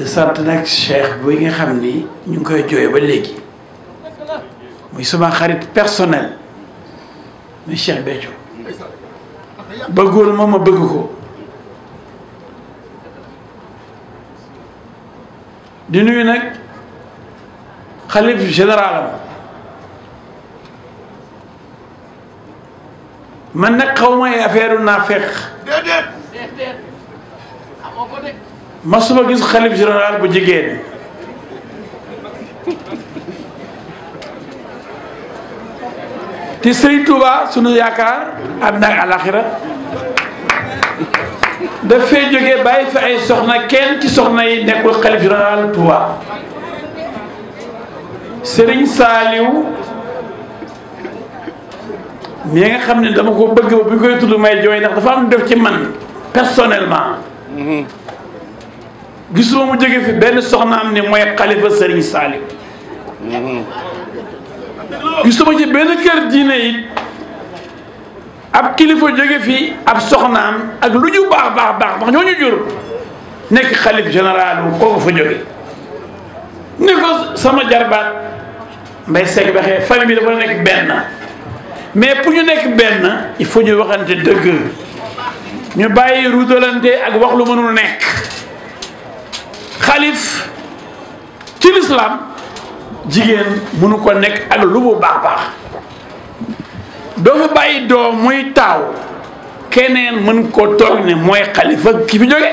di sant nag cheikh bi nga xam ni ñu ngi koy jooy ba léegi muy suma xarit personnel muy Cheikh Béthio bëggoon ma ma bëgg ko di nuyu nag xalif généralam man nag xaw may affaire naa fekk déedéet déedéet amoo ko de ma suma gis xalif général bu jigéen te Sëriñ Tuuba sunu yaakaar àddina ak alaxira daf fee jógee bàyyi fi ay soxna kenn ci soxna yi nekkul xalif général Tuuba Sëriñ Saaliw mi nga xam ne dama ko bëgg bi koy tudd may jooy ndax dafa am def ci man personnellement mm-hmm. gisuma mu jóge fi benn soxnaam ne mooy xalifa Serigne Saliou gisuma ci benn kër diine it ab kilifa jóge fi ab soxnaam ak lu ñu baax baax baax ndax ñoo ñu jur nekk xalif général bu kooku fa jóge ne ko sama jarbaat mbay seeg baxee famille bi dafa nekk benn mais pour ñu nekk benn il faut ñu waxante dëgg ñu bàyyi ruutalante ak wax lu mënul nekk xalif ci lislaam jigéen mënu ko nekk ak lu mu baax baax doo fa bàyyi doom muy taaw keneen mën ko toog ne mooy xalifa ki fi jóge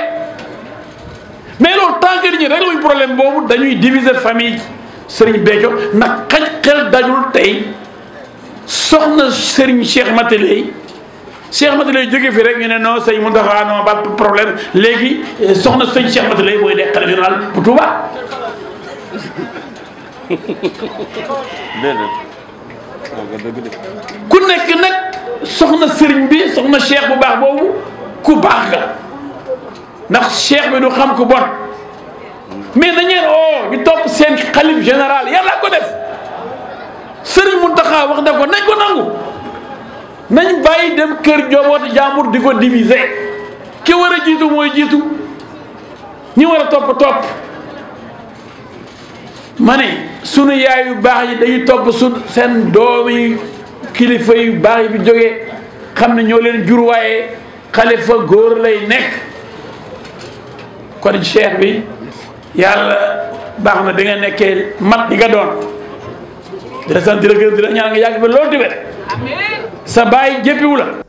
mais loolu tant que ñi réglé wuñ problème boobu dañuy diviser famille Serigne Béthio ndax xaj xel dajul tey soxna Serigne Cheikh Mataley Cheikh Mati lay jóge fi rek ñu ne non sëñ Mountakha non ba problème léegi euh, soxna sëñ Cheikh Mati lay mooy nekk xalifa général bu Touba. ku nekk nag soxna sëriñ bi soxna cheikh bu baax boobu ku baax nga ndax cheikh bi du xam ku bon mais dañeen oo ñu topp seen xalif général yàlla ko def sëriñ Mountakha wax na ko nañ ko nangu nañ bàyyi dem kër joboote jàmbur di ko diviser ki war a jiitu mooy jiitu ñi war a topp topp ma ne sunu yaay yu baax yi dañuy topp su seen doomi kilifa yu baax yi bi jógee xam ne ñoo leen jur waaye xalifa góor lay nekk kon cheikh bi yàlla baax na bi nga nekkee mat di nga doon di la sant di la gërëm di nga yàgg ba loolu di sa baay jéppiwu la